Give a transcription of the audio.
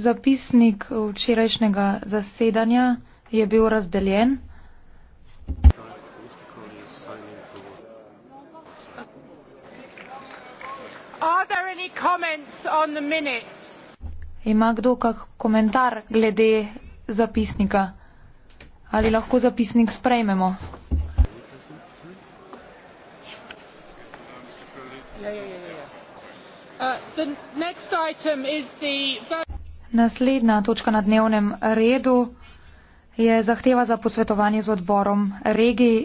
Zapisnik včerajšnjega zasedanja je bil razdeljen. Ima kdo kak komentar glede zapisnika? Ali lahko zapisnik sprejmemo? Ja, ja, ja. Uh, the next item is the... Naslednja točka na dnevnem redu je zahteva za posvetovanje z odborom regij